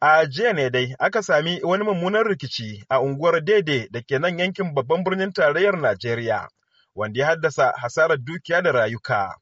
A jiya ne dai aka sami wani mummunan rikici a unguwar Dede da ke nan yankin babban birnin tarayyar Najeriya, wanda ya haddasa hasarar dukiya da rayuka.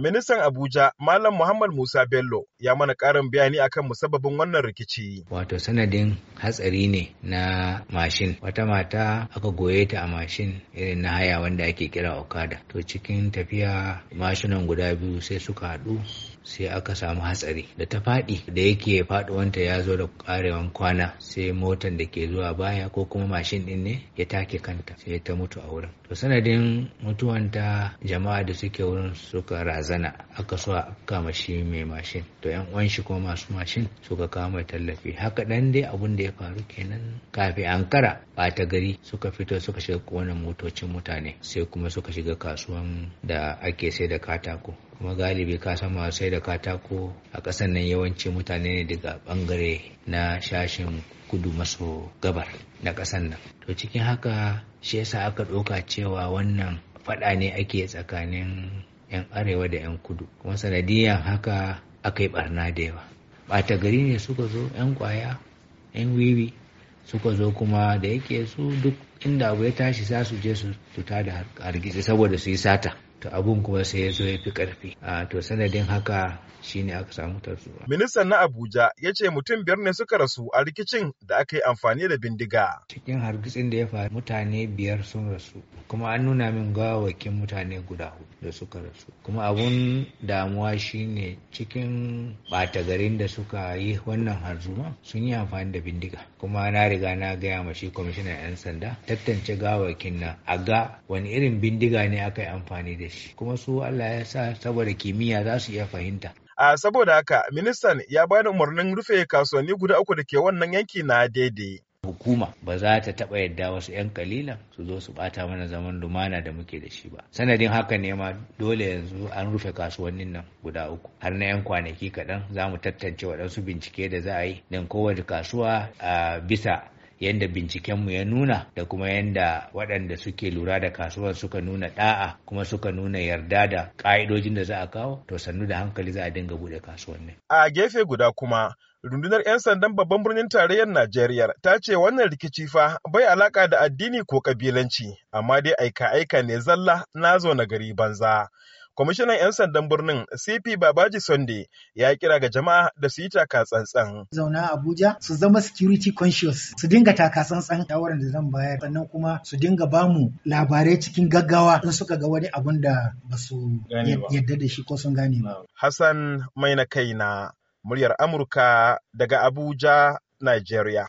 Ministan Abuja Malam Muhammad Musa Bello ya mana ƙarin bayani akan musabbabin wannan rikici. Wato sanadin hatsari ne na mashin. Wata mata aka goye ta a mashin irin na haya wanda ake kira Okada. To cikin tafiya mashinan guda biyu sai suka haɗu sai aka samu hatsari da ta faɗi da yake faɗuwanta ya zo da ƙarewan kwana sai motan da ke zuwa baya ko kuma mashin ɗin ne ya take kanta sai ta mutu a wurin to sanadin mutuwanta jama'a da suke wurin suka razana aka so a kama shi mai mashin to yan uwan shi kuma masu mashin suka kama tallafi haka dan dai abun da ya faru kenan kafin ankara ɓata gari suka fito suka shiga wannan motocin mutane sai kuma suka shiga kasuwan da ake sai da katako kuma galibi ka san masu sai da katako a ƙasar nan yawanci mutane ne daga bangare na shashin kudu maso gabar na ƙasar nan to cikin haka shi yasa aka ɗauka cewa wannan faɗa ne ake tsakanin 'yan arewa da 'yan kudu kuma sanadiyan haka aka yi barna da yawa ɓata gari ne suka zo 'yan kwaya 'yan wiwi suka zo kuma da yake su duk inda abu ya tashi za su je su tuta da hargitsi saboda su yi sata to abun kuma sai ya zo ya fi karfi a to sanadin haka shine aka samu tarzuwa ministan na abuja ya ce mutum biyar ne suka rasu a rikicin da aka yi amfani da bindiga cikin hargitsin da ya faru mutane biyar sun rasu kuma an nuna min gawakin mutane guda hudu da suka rasu kuma abun damuwa shine cikin ɓata garin da suka yi wannan harzuma sun yi amfani da bindiga kuma na riga na gaya ma shi kwamishinan 'yan sanda tantance gawakin nan a ga wani irin bindiga ne aka yi amfani da shi kuma su Allah ya sa saboda kimiyya za su iya fahimta a saboda haka ministan ya bada umarnin rufe kasuwanni guda uku da ke wannan yanki na daidai hukuma ba za ta taɓa yadda wasu 'yan kalilan su zo su ɓata mana zaman lumana da muke da shi ba sanadin haka ne ma dole yanzu an rufe kasuwannin nan guda uku har na 'yan kwanaki kaɗan za mu tattance waɗansu bincike da za a yi don kowace kasuwa a bisa yadda bincikenmu ya nuna da kuma yanda waɗanda suke lura da kasuwar suka nuna ɗa'a kuma suka nuna yarda da ƙa'idojin da za a kawo to sannu da hankali za a dinga buɗe kasuwanni. A gefe guda kuma rundunar 'yan sandan babban birnin tarayyar Najeriya ta ce wannan rikici fa bai alaka da addini ko kabilanci amma dai aika-aika ne zalla na zo na gari banza. Kwamishinan 'yan sandan birnin CP Babaji Sunday ya kira ga jama'a da su yi taka tsantsan. Zauna Abuja su zama security conscious su dinga taka tsantsan shawarar da zan bayar sannan kuma su dinga bamu labarai cikin gaggawa in suka ga wani abun da ba su yadda da shi ko sun gane ba. Hassan mai na kaina muryar Amurka daga Abuja, Nigeria.